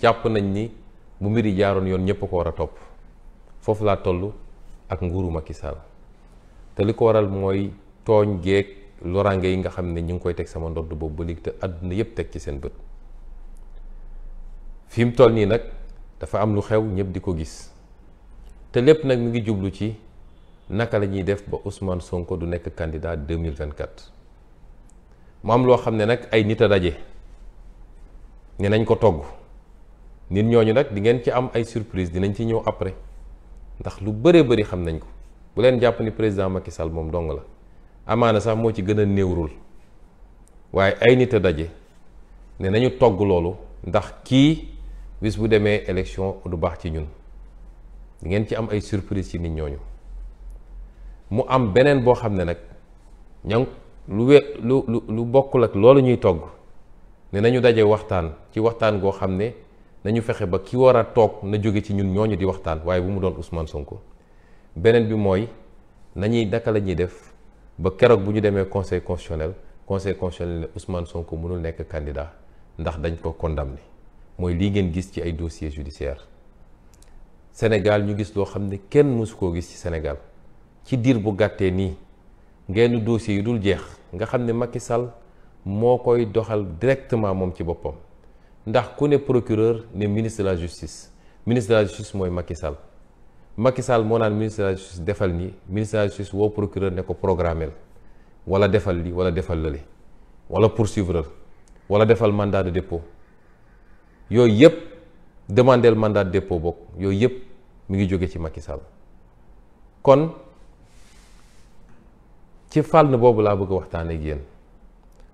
jàpp nañ ni mu mbiri yi jaaroon yoon ñëpp ko war a topp foofu laa toll ak nguuru Macky te li ko waral mooy tooñ geeg loraange yi nga xam ne ñu ngi koy teg sama ndodd boobu ba léegi te àdduna yëpp teg ci seen bët fi mu toll nii nag dafa am lu xew ñëpp di ko gis te lépp nag mu ngi jublu ci naka la ñuy def ba Ousmane Sonko du nekk candidat 2024 mu am loo xam ne nag ay nit a daje ne nañ ko togg. nit ñooñu nag di ngeen ci am ay surprise dinañ ci ñëw après ndax lu bëree bëri xam nañ ko bu leen jàpp ni président Macky Sall moom dong la amaana sax moo ci gën a néewrul waaye ay nit a daje ne nañu togg loolu ndax kii bis bu demee élection du baax ci ñun di ngeen ci am ay surprise ci nit ñooñu mu am beneen boo xam ne nag ña lu we lu lu bokkul ak loolu ñuy togg ne nañu daje waxtaan ci waxtaan goo xam ne nañu fexe ba ki war a toog na jóge ci ñun ñooñu di waxtaan waaye bu mu doon Ousmane Sonko beneen bi mooy nañuy naka la ñuy def ba keroog bu ñu demee conseil constitutionnel conseil constitutionnel ne Ousmane Sonko mënul nekk candidat ndax dañ ko condamné mooy lii ngeen gis ci ay dossier judiciaire Sénégal ñu gis loo xam ne kenn mësu koo gis ci Sénégal ci diir bu gàttee nii ngeen dossier yu dul jeex nga xam ne Macky sal moo koy doxal directement moom ci boppam ndax ku ne procureur ne ministre la justice ministre de la justice mooy Macky Sall Macky moo naan ministre de la justice defal nii ministre de la justice woo procureur ne ko programmel wala defal li wala defal lële wala poursuivre wala defal mandat de dépôt yooyu yëpp demandeel mandat de dépôt bokk yooyu yëpp mu ngi jóge ci Macky Sall kon ci fànn boobu laa bëgg a waxtaan ak yéen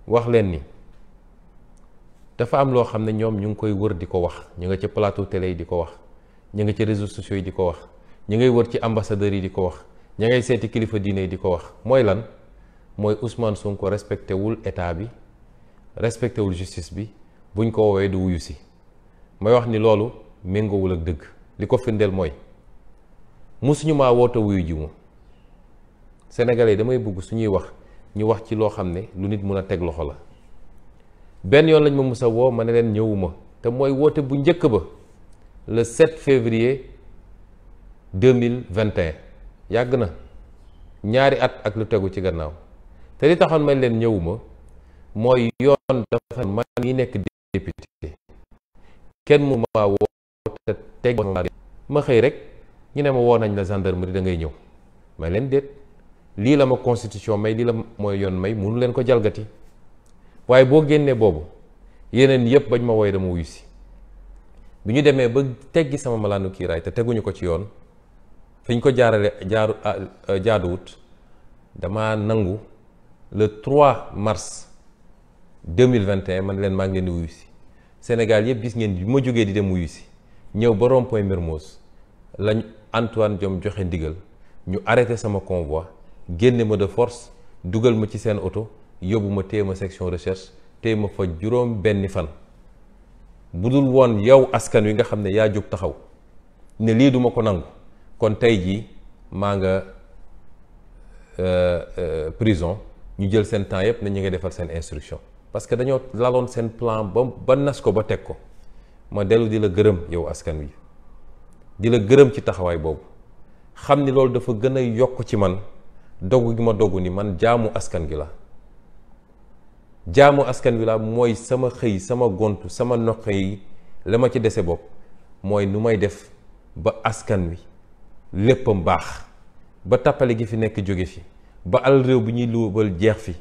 wax leen ni. dafa am loo xam ne ñoom ñu ngi koy wër di ko wax ñu nga ci plateau tele yi di ko wax ñu nga ci réseau sociaux yi di ko wax ñu ngay wër ci ambassadeurs yi di ko wax ña ngay seeti kilifa diine yi di ko wax mooy lan mooy Ousmane Sonko respecté wul état bi respecté wul justice bi buñ ko woowee di wuyu si mooy wax ni loolu méngoowul ak dëgg li ko firndeel mooy musuñu maa woote wuyu ji mu yi damay bugg suñuy wax ñu wax ci loo xam ne lu nit mun a teg loxo la. benn yoon lañ ma mus woo ma ne leen ñëwuma te mooy woote bu njëkk ba le 7 février 2021 yàgg na ñaari at ak lu tegu ci gannaaw te li taxoon man leen ñëwuma mooy yoon dafa man nekk député kenn mu ma woo te teg ma xëy rek ñu ne ma woo nañ la gendarmerie da ngay ñëw may leen déet lii la ma constitution may lii la mooy yoon may mënu leen ko jalgati waaye boo génnee boobu yeneen yëpp bañ ma woy dama wuyu si bu ñu demee ba teggi sama malaanu kiiraay te teguñu ko ci yoon fi ñu ko jaarale jaaru jaaduwut dama nangu le 3 mars 2021 man leen maa ngi leen di wuyu si Sénégal yëpp gis ngeen bi ma jógee di dem wuyu si ñëw ba rond point Mermoz lañ Antoine jom joxe ndigal ñu arrêté sama convoi génne ma de force dugal ma ci seen oto yóbbu ma téye ma section recherche téye ma fa juróom benni fan bu dul woon yow askan wi nga xam ne yaa jóg taxaw ne lii duma ko nangu kon tey jii maa nga euh, euh, prison ñu jël seen temps yépp na ñu ngi defal seen instruction parce que dañoo laloon seen plan ba ba nas ko ba teg ko ma dellu di la gërëm yow askan wi di la gërëm ci taxawaay boobu xam ni loolu dafa gën a yokk ci man dogu gi ma dogu ni man jaamu askan gi la jaamu askan wi laa mooy sama xëy sama gont sama noq yi la ma ci dese bopp mooy nu may def ba askan wi léppam baax ba tappale gi fi nekk jóge fi ba al réew bi ñuy luubal jeex fi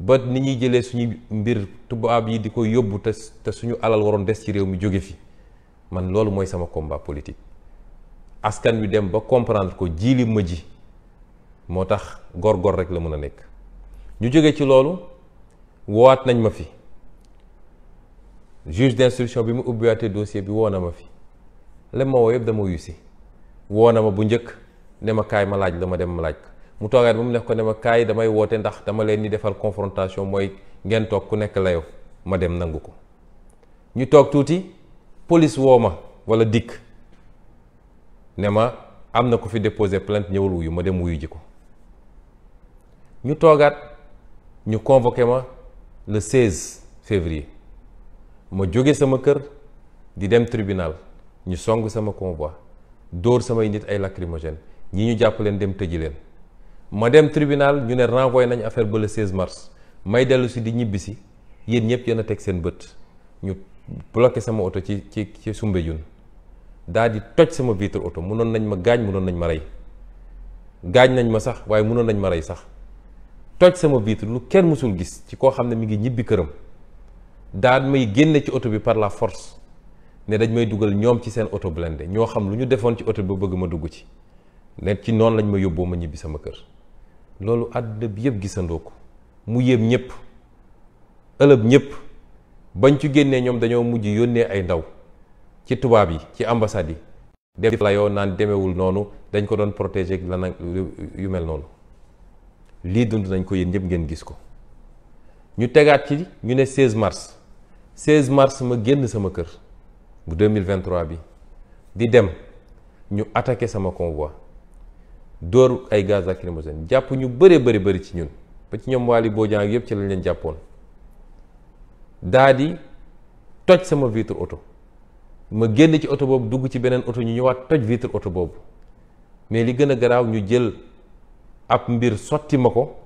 ba ni ñuy jëlee suñu mbir tubaab yi di ko yóbbu te te suñu alal waroon des ci réew mi jóge fi man loolu mooy sama combat politique askan wi dem ba comprendre ko jiili ma ji moo tax góor-góor rek la mën a nekk ñu jóge ci loolu woowaat nañ ma fi juge d'instruction bi mu ubbiwaatee dossier bi woo na ma fi lem ma woo yëpp dama wuyu si woo na ma bu njëkk ne ma laaj la ma dem ma laaj ko mu toogaat ba mu nekk ko ne ma kaay damay woote ndax dama leen di defal confrontation mooy ngeen toog ku nekk layow ma dem nangu ko ñu toog tuuti police woo ma wala dikk ne ma am na ko fi déposé plant ñëwul wuyu ma dem wuyu ji ko ñu toogaat ñu convoqué ma le 16 février ma jóge sama kër di dem tribunal ñu song sama convoi dóor samay nit ay lacrymogène ñi ñu jàpp leen dem tëji leen ma dem tribunal ñu ne renvoyé nañu affaire ba le 16 mars may dellu si di ñibbisi si yéen ñëpp yéen a teg seen bët ñu bloqué sama oto ci ci ci Soumbédioune daal di toj sama vitre oto mënoon nañ ma gaañ munoon nañ ma rey gaañ nañ ma sax waaye mënoon nañ ma rey sax toj sama vitre lu kenn mësul gis ci koo xam ne mi ngi ñibbi këram daan may génne ci oto bi par la force ne dañ may dugal ñoom ci seen oto blindé ñoo xam lu ñu defoon ci oto bi ba bëgg ma dugg ci ne ci noonu lañ ma yóbboo ma ñibbi sama kër loolu àdduna bi yëpp gisandoo ko mu yéem ñëpp ëlëb ñëpp bañ ci génnee ñoom dañoo mujj yónnee ay ndaw ci tubaab yi ci ambassade yi def la yoo naan demewul noonu dañ ko doon protéger la yu mel noonu lii dund nañ ko yéen ñëpp ngeen gis ko ñu tegaat ci ñu ne 16 mars 16 mars ma génn sama kër bu 2023 bi di dem ñu attaqué sama convoi dóor ay gaz lacrymogène jàpp ñu bëree bëri bëri ci ñun ba ci ñoom Waly Bodian ak yëpp ci lañ leen jàppoon daa di toj sama vitre oto ma génn ci oto boobu dugg ci beneen oto ñu ñëwaat toj vitre oto boobu mais li gën a garaaw ñu jël. ab mbir sotti ma ko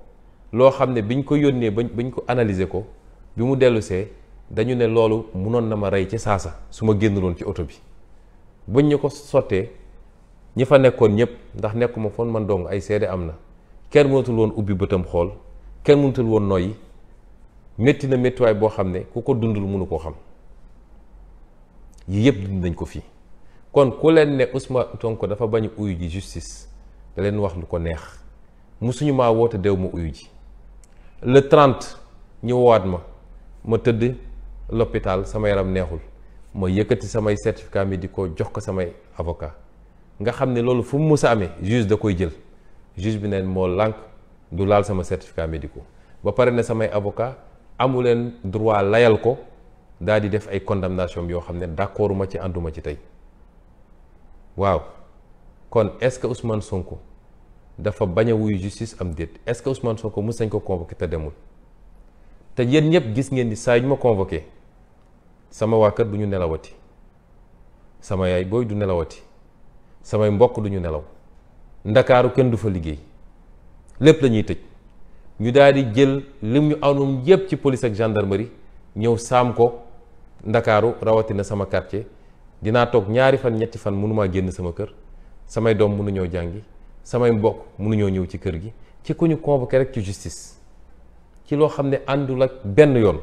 loo xam ne biñ ko yónnee ba bañ ko analise ko bi mu dellusee dañu ne loolu munoon na ma rey ci saasa su ma génnuloon ci oto bi buñ ñu ko sottee ñi fa nekkoon ñëpp ndax nekkuma foon man dong ay seede am na kenn mënatul woon ubbi bëtam xool kenn mënatul woon noyyi métti na méttiwaay boo xam ne ku ko dundul mënu koo xam yii yëpp dund nañ ko fii kon ku leen ne Ousmane Sonko dafa bañ uyu justice da leen wax lu ko neex musuñu maa woote dew ma uyu ji le 30 ñu woowaat ma ma tëdd l'hôpital sama yaram neexul ma yëkkati samay certificat médicaux jox ko samay avocat nga xam ne loolu fu mu mës amee juge da koy jël juge bi neen moo lànk du laal sama certificat médicaux ba pare na samay avocat amu leen droit layal ko daal di def ay condamnation yoo xam ne d'accorduma ci ànduma ci tey waaw kon est-ce que Ousmane Sonko dafa bañ a wuyu justice am déet est-ce que Ousmane Sonko mës nañ ko convoqué te demul te yéen ñëpp gis ngeen ni saa yu ma convoqué sama waa kër du ñu nelawati sama yaay booy du nelawati samay mbokk du ñu nelaw ndakaaru kenn du fa liggéey lépp la tëj ñu daldi di jël lim ñu anoon yépp ci police ak gendarmerie ñëw saam ko ndakaaru rawatina sama quartier dinaa toog ñaari fan ñetti fan maa génn sama kër samay doom mënuñoo jàngi samay mbokk mënuñoo ñëw ci kër gi ci ku ñu convoqué rek ci justice ci loo xam ne àndul ak benn yoon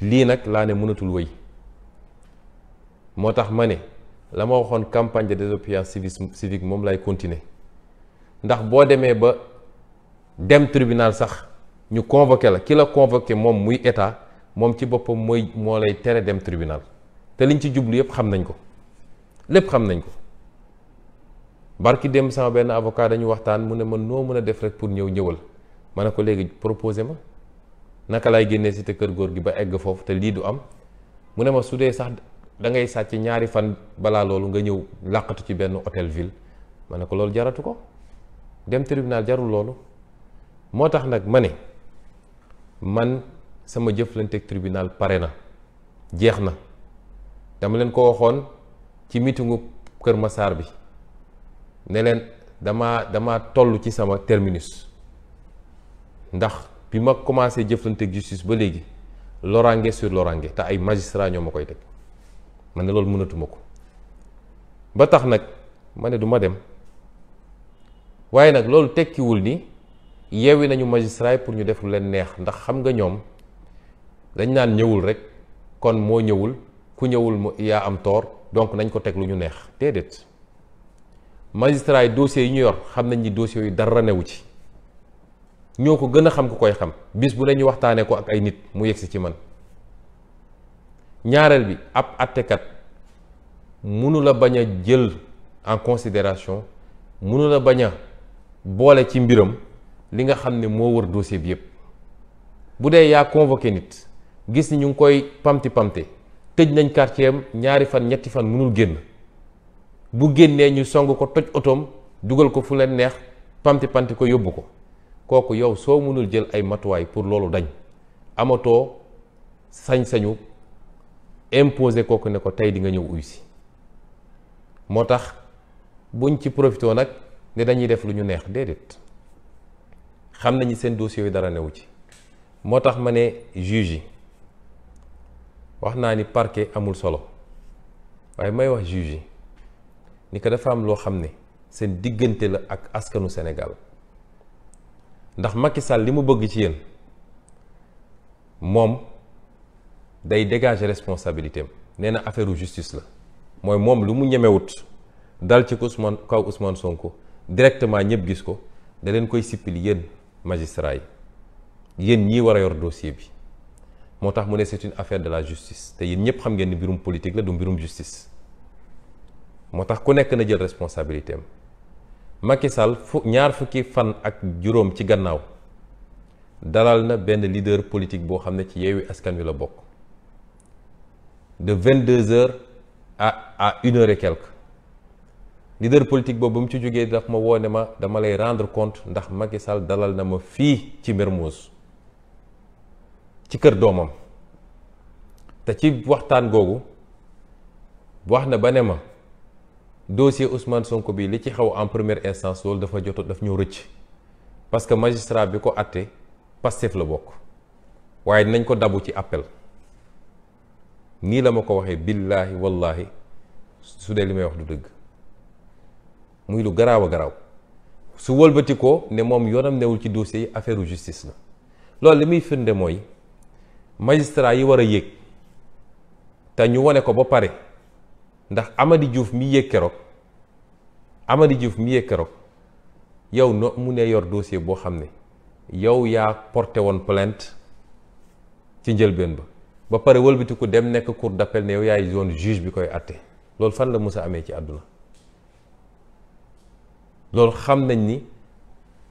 lii nag laa ne mënatul wëy moo tax ma ne la ma waxoon campagne de désobéissance civique civique moom laay continuer ndax boo demee ba dem tribunal sax ñu convoqué la ki la convoqué moom muy état moom ci boppam mooy moo lay tere dem tribunal te liñ ci jublu yépp xam nañ ko lépp xam nañ ko barki dem sama benn avocat dañu waxtaan mu ne man noo mën a def rek pour ñëw ñëwal ma ne ko léegi proposé ma naka laay génnee si te kër góor gi ba egg foofu te lii du am mu ne ma su dee sax da ngay sàcc ñaari fan balaa loolu nga ñëw làqatu ci benn hôtel ville ma ne ko loolu jaratu ko dem tribunal jarul loolu moo tax nag ma ne man sama jëflanteeg tribunal pare na jeex na dama leen ko waxoon ci mitingu Kër masaar bi ne leen dama damaa toll ci sama terminus ndax bi ma commencé jëflanteeg justice ba léegi loraange sur lorange te ay magistrat ñoo ma koy teg man ne loolu mënatuma ko ba tax nag ma ne du ma dem waaye nag loolu tekkiwul ni yeewi nañu magistrat pour ñu def lu leen neex ndax xam nga ñoom dañ naan ñëwul rek kon moo ñëwul ku ñëwul yaa am tort donc nañ ko teg lu ñu neex déedéet magistrat yi dossiers yi ñu yor xam nañ ni dossiers yu dara newu ci ñoo ko gën a xam ku koy xam bis bu ne ñu waxtaanee ko ak ay nit mu yegsi ci man ñaareel bi ab attekat mënu la bañ a jël en considération mënu la bañ a boole ci mbiram li nga xam ne moo war dossier bi yépp bu dee yaa convoqué nit gis ni ñu ngi koy pamti pamte tëj nañ quartier ñaari fan ñetti fan munul génn bu génnee ñu song ko toj otoom dugal ko fu leen neex panti pamti ko yóbbu ko kooku yow soo mënul jël ay matuwaay pour loolu dañ amatoo sañ-sañu imposer kooku ne ko tey di nga ñëw uy moo tax buñ ci profité nag ne dañuy def lu ñu neex déedéet xam nañu seen dossier yi dara newu ci moo tax ma ne juge yi wax naa ni parquet amul solo waaye may wax juge yi ni ko dafa am loo xam ne seen diggante la ak askanu senegal ndax Macky Sall li mu bëgg ci yéen moom day dégager responsabilité am nee na affaire justice la mooy moom lu mu ñemewut dal ci ko Ousmane kaw Ousmane Sonko directement ñëpp gis ko da koy sippil yéen magistrat yi yéen ñii war a yor dossier bi moo tax mu ne c'est une affaire de la justice te yéen ñëpp xam ngeen ni mbirum politique la du mbirum justice moo tax ku nekk na jël responsabilité am Macky Sall fu ñaar fukki fan ak juróom ci gannaaw dalal na benn leader politique boo xam ne ci Yewwi Askan Wi la bokk de vingt deux heures à a une heure et leader politique boobu ba mu ci jógee daf ma woone ma dama lay rendre compte ndax Macky Sall dalal na ma fii ci Mermoz ci kër doomam te ci waxtaan googu wax na ba ne ma dossier Ousmane Sonko bi li ci xaw en première instance loolu dafa joto daf ñëw rëcc parce que magistrat bi ko àtte Pastef la bokk waaye dinañ ko dabu ci appel nii la ma ko waxee billaahi wallaahi su dee li may wax du dëgg muy lu garaaw a garaaw su wëlbati ko ne moom yoonam newul ci dossier yi affaire justice la loolu li muy firnde mooy magistra yi war a yéeg te ñu wone ko ba pare ndax Amady Diouf mi yéeg keroog Amady Diouf mi yéeg keroog yow no mu ne yor dossier boo xam ne yow yaa porté woon plainte ci njëlbeen ba ba pare wëlbatiku dem nekk cour d'appel ne yow yaay zone juge bi koy atte loolu fan la mës a amee ci àdduna loolu xam nañ ni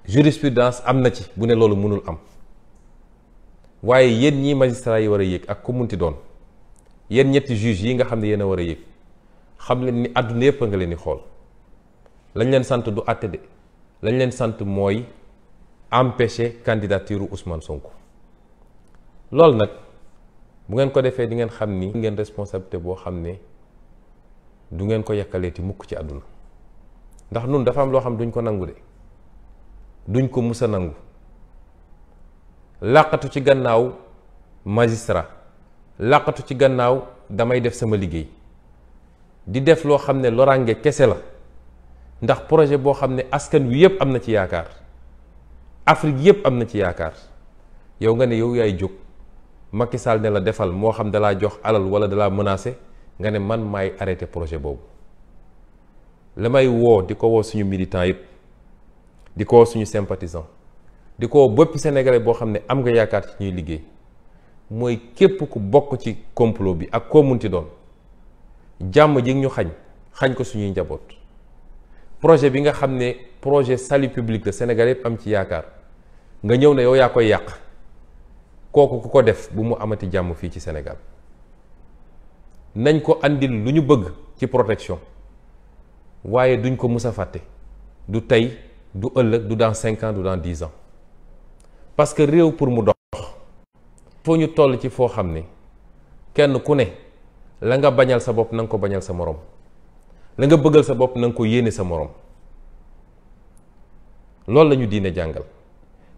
jurisprudence am na ci bu ne loolu mënul am waaye yéen ñii magistrat yi war a yéeg ak ku ti doon yéen ñetti juge yi nga xam ne yéen a war a yéeg xam leen ni àdduna yëpp a nga leen di xool lañ leen sant du àtte de lañ leen sant mooy empêcher candidature Ousmane Sonko loolu nag bu ngeen ko defee di ngeen xam ni ngeen responsabilité boo xam ne du ngeen ko yàkkaleeti mukk ci àdduna ndax nun dafa am loo xam duñ ko nangu de duñ ko mus a nangu làqatu ci gannaaw magistra làqatu ci gannaaw damay def sama liggéey di def loo xam ne lorange kese la ndax projet boo xam ne askan wi yëpp am na ci yaakaar Afrique yëpp am na ci yaakaar yow nga ne yow yaay jóg Macky Sall ne la defal moo xam dalaa jox alal wala dalaa menacé nga ne man may arrêté projet boobu la may woo di ko woo suñu militant yëpp di ko woo suñu sympathisant di ko woo bépp sénégalais boo xam ne am nga yaakaar ci ñuy liggéey mooy képp ku bokk ci complot bi ak koo mun munti doon jàmm jig ñu xañ xañ ko suñuy njaboot projet bi nga xam ne projet salut public la Sénégal yëpp am ci yaakaar nga ñëw ne yow yaa koy yàq kooku ku ko def bu mu amati jàmm fii ci Sénégal nañ ko indi lu ñu bëgg ci protection waaye duñ ko mus a fàtte du tey du ëllëg du dans cinq du dans dix ans parce que réew pour mu dox foo ñu toll ci foo xam ne kenn ku ne la nga bañal sa bopp na nga ko bañal sa moroom la nga bëggal sa bopp na nga ko yéene sa morom loolu lañu ñu diine jàngal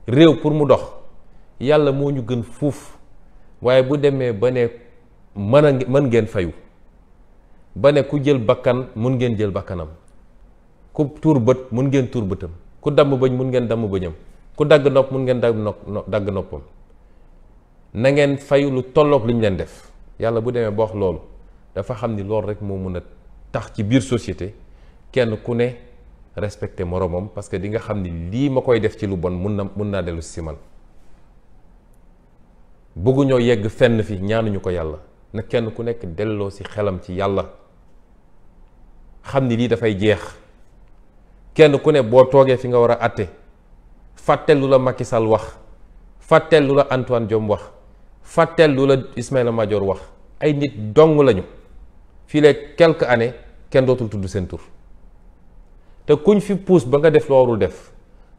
réew pour mu dox yàlla moo ñu gën fuuf waaye bu demee ba ne mën mën ngeen fayu ba ne ku jël bakkan mun ngeen jël bakkanam ku tuur bët mun ngeen tuur bëtam ku damm bëñ mun ngeen damm bëñam ku dagg nopp mun ngeen dagg nopp dagg noppam na ngeen fayu lu tollook li ñu leen def yàlla bu demee ba wax loolu dafa xam ni loolu rek moo mën a tax ci biir société kenn ku ne respecté moromam parce que di nga xam ni lii ma koy def ci lu bon mun na mun naa dellu si man bëgguñoo yegg fenn fi ñaanuñu ko yàlla na kenn ku nekk delloo si xelam ci yàlla xam ni lii dafay jeex kenn ku ne boo toogee fi nga war a àtte fàttel lu la Macky Sall wax fàttel lu la Antoine Diome wax fàttel lu la Ismaïla Madior wax ay nit dong lañu fii leeg quelques années kenn dootul tudd seen tur te kuñ fi puus ba nga def loo warul def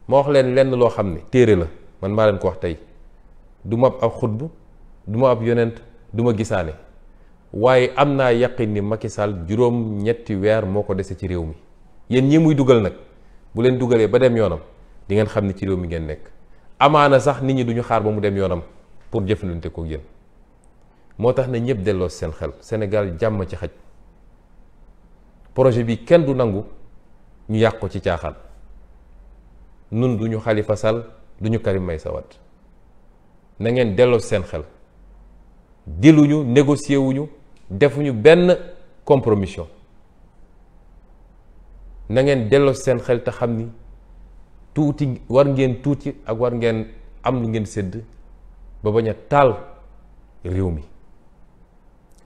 ma wax leen lenn loo xam ne téere la man maa leen ko wax tey du ma ab xutb du ma ab yonent du ma gisaane waaye am naa yaqin ni Macky Sall juróom ñetti weer moo ko desee ci réew mi yéen ñii muy dugal nag bu leen dugalee ba dem yoonam di ngeen xam ni ci réew mi ngeen nekk amaana sax nit ñi duñu xaar ba mu dem yoonam pour jëfandante ko yéen moo tax na ñëpp delloo seen xel Sénégal jàmm ci xaj projet bi kenn du nangu ñu yàq ko ci caaxaan nun du ñu Khalifa Sall du ñu Karim Meïssa Wade na ngeen delloo seen xel diluñu négocier wuñu defuñu benn compromission na ngeen delloo seen xel te xam ni tuuti war ngeen tuuti ak war ngeen am lu ngeen sedd ba bañ a taal réew mi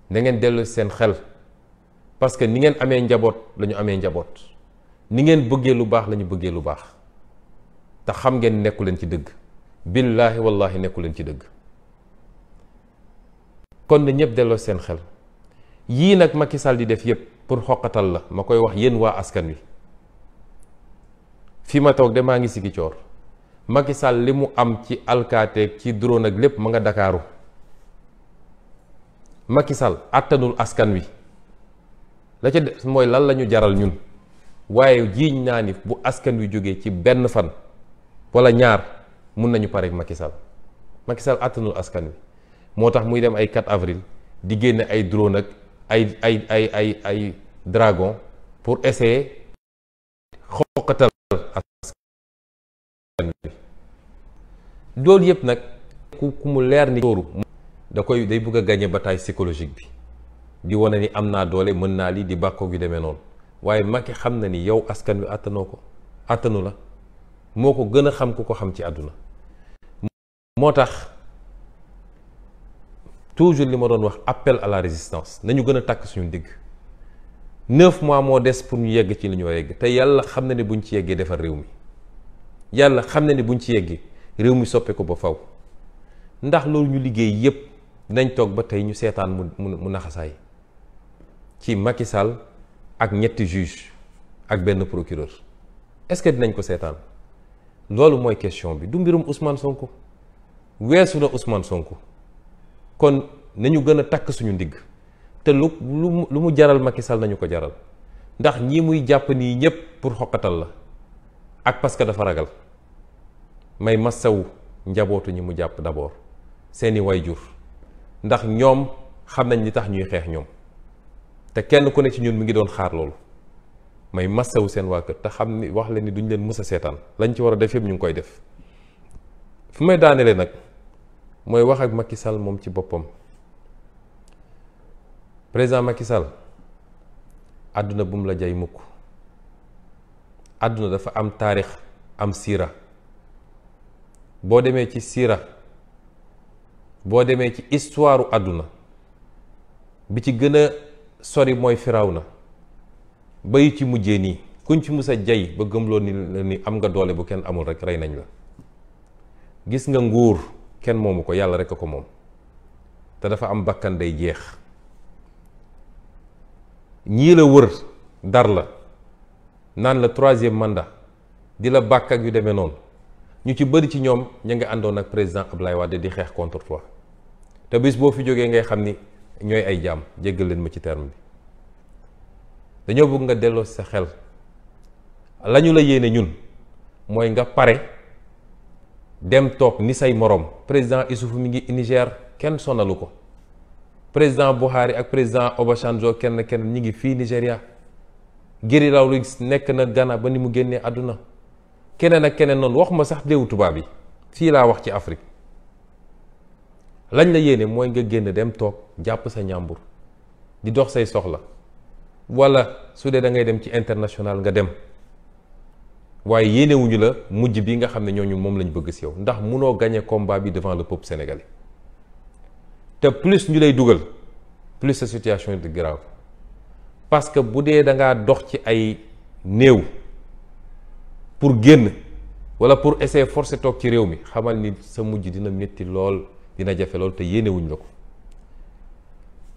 na ngeen dellu seen xel parce que ni ngeen amee njaboot lañu amee njaboot ni ngeen bëggee lu baax lañu bëggee lu baax te xam ngeen nekku leen ci dëgg billaahi wallaahi nekku leen ci dëgg kon na ñëpp delloo seen xel yii nag Macky Sall di def yëpp pour xoqatal la ma koy wax yéen waa askan wi fi ma toog de maa ngi sigi coor Macky Sall li mu am ci alkaateeg ci drone ak lépp ma nga Dakaaru makisal Sall àttanul askan wi la ca des mooy lan lañu jaral ñun waaye jiiñ naa ni bu askan wi jógee ci benn fan wala ñaar mun nañu pare makisal makisal Macky àttanul askan wi moo tax muy dem ay 4 avril di génne ay drone ak ay ay ay dragon pour essayer xoqatal askan wi loolu yëpp nag ku ku mu leer ni tóoru da koy day bëgg a gagné bataille psychologique bi di wane ni am naa doole mën naa lii di bàkkoog yu demee noonu waaye mag Macky xam na ni yow askan wi àttanoo ko àttanu la moo ko gën a xam ku ko xam ci àdduna moo tax toujours li ma doon wax appel à la résistance nañu gën a takk suñu digg neuf mois moo des pour ñu yegg ci li ñu war a yegg te yàlla xam na ne buñ ci yeggee defar réew mi yàlla xam na ne buñ ci yeggee réew mi soppe ko ba faw ndax loolu ñu liggéey yépp dinañ toog ba tey ñu seetaan mu mu mu naxasaay ci Macky Sall ak ñetti juge ak benn procureur est-ce que dinañ ko seetaan loolu mooy question bi du mbirum Ousmane Sonko weesu na Ousmane Sonko kon nañu gën a takk suñu ndigg te lu lu mu jaral Macky Sall nañu ko jaral ndax ñi muy jàpp nii ñépp pour xoqatal la ak parce que dafa ragal may masawu njabootu ñi mu jàpp d'abord seeni way jur ndax ñoom xam nañ ni tax ñuy xeex ñoom te kenn ku ne ci ñun mi ngi doon xaar loolu may massawu seen waa kër te xam ni wax leen ni duñ leen mës a seetaan lañ ci war a def yëpp ñu ngi koy def fu may daaneele nag mooy wax ak Macky Sall moom ci boppam président Macky Sall àdduna bu mu la jay mukk àdduna dafa am taarix am siira boo demee ci siira boo demee ci histoire àdduna bi ci gën a sori mooy Firawna bayu ci mujjee nii kuñ ci mus a jay ba gëmloo ni ni am nga doole bu kenn amul rek rey nañ la gis nga nguur kenn moomu ko yàlla rekk a ko moom te dafa am bakkan day jeex ñii la wër dar la naan la troisième mandat di la bàkk ak yu demee noonu ñu ci bëri ci ñoom ña nga àndoon ak président Ablaye Wade di xeex contre toi te bis boo fi jógee ngay xam ni ñooy ay jaam jéggal leen ma ci terme bi dañoo bëgg nga delloo sa xel la ñu la yéene ñun mooy nga pare dem toog ni say morom président Issoufou mi ngi Niger kenn sonalu ko président Buhari ak président Obasanjo kenn kenn ñi ngi fii Nigéria Jerry Rawlings nekk na Ghana ba ni mu génnee àdduna keneen ak keneen noonu wax ma sax déewu tubaab yi fii laa wax ci Afrique lañ la yéene mooy nga génn dem toog jàpp sa ñàmbur di dox say soxla wala su dee da ngay dem ci international nga dem waaye yéenewuñu la mujj bi nga xam ne ñooñu moom lañ bëgg si ndax munoo gañee combat bi devant le peuple sénégalais te plus ñu lay dugal plus sa situation de grave parce que bu dee dangaa dox ci ay néew pour génn wala pour essayer forcer toog ci réew mi xamal ni sa mujj dina métti lool. dina jafe loolu te yéenewuñ la ko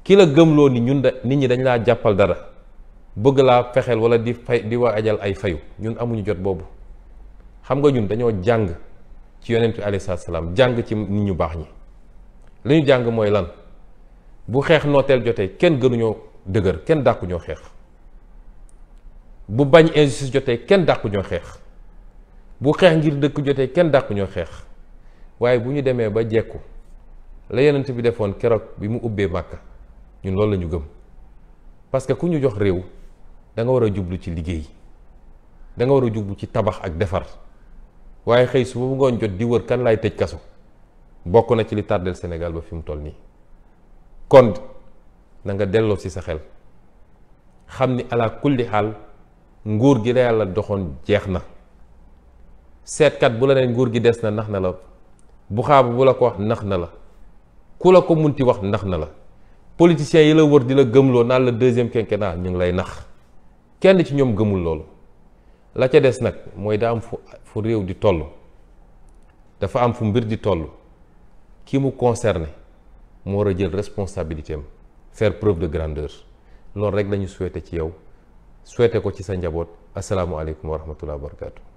ki la gëmloo ni ñun da nit ñi dañ laa jàppal dara bëgg laa fexeel wala di fay di waajal ay fayu ñun amuñu jot boobu xam nga ñun dañoo jàng ci yonent bi alayhi salaam jàng ci nit ñu baax ñi li ñu jàng mooy lan bu xeex nooteel jotee kenn gënuñoo dëgër kenn dàquñoo xeex bu bañ jotee kenn dàquñoo xeex bu xeex ngir dëkk jotee kenn dàquñoo xeex waaye bu ñu demee ba jekku la yonent bi defoon keroog bi mu ubbee màkka ñun loolu la ñu gëm parce que ku ñu jox réew danga war a jublu ci liggéey danga war a jublu ci tabax ak defar waaye xëy su bu ngoon jot di wër kan laay tëj kaso bokk na ci li tardel Sénégal ba fi mu toll nii kon na nga delloo ci sa xel xam ni ala kulli xaal nguur gi la yàlla doxoon jeex na seetkat bu la ne nguur gi des na nax na la bu bu la ko wax nax na la ku la ko mun ti wax ndax na la politiciens yi la wër di la gëmloo naan la deuxième quinquennat ñu ngi lay nax kenn ci ñoom gëmul loolu la ca des nag mooy daam fu fu réew di toll dafa am fu mbir di toll kii mu concerné moo war a jël responsabilité am faire preuve de grandeur loolu rek lañu souhaité ci yow souhaité ko ci sa njaboot asalaamualeykum wa rahmatullah wa barakatu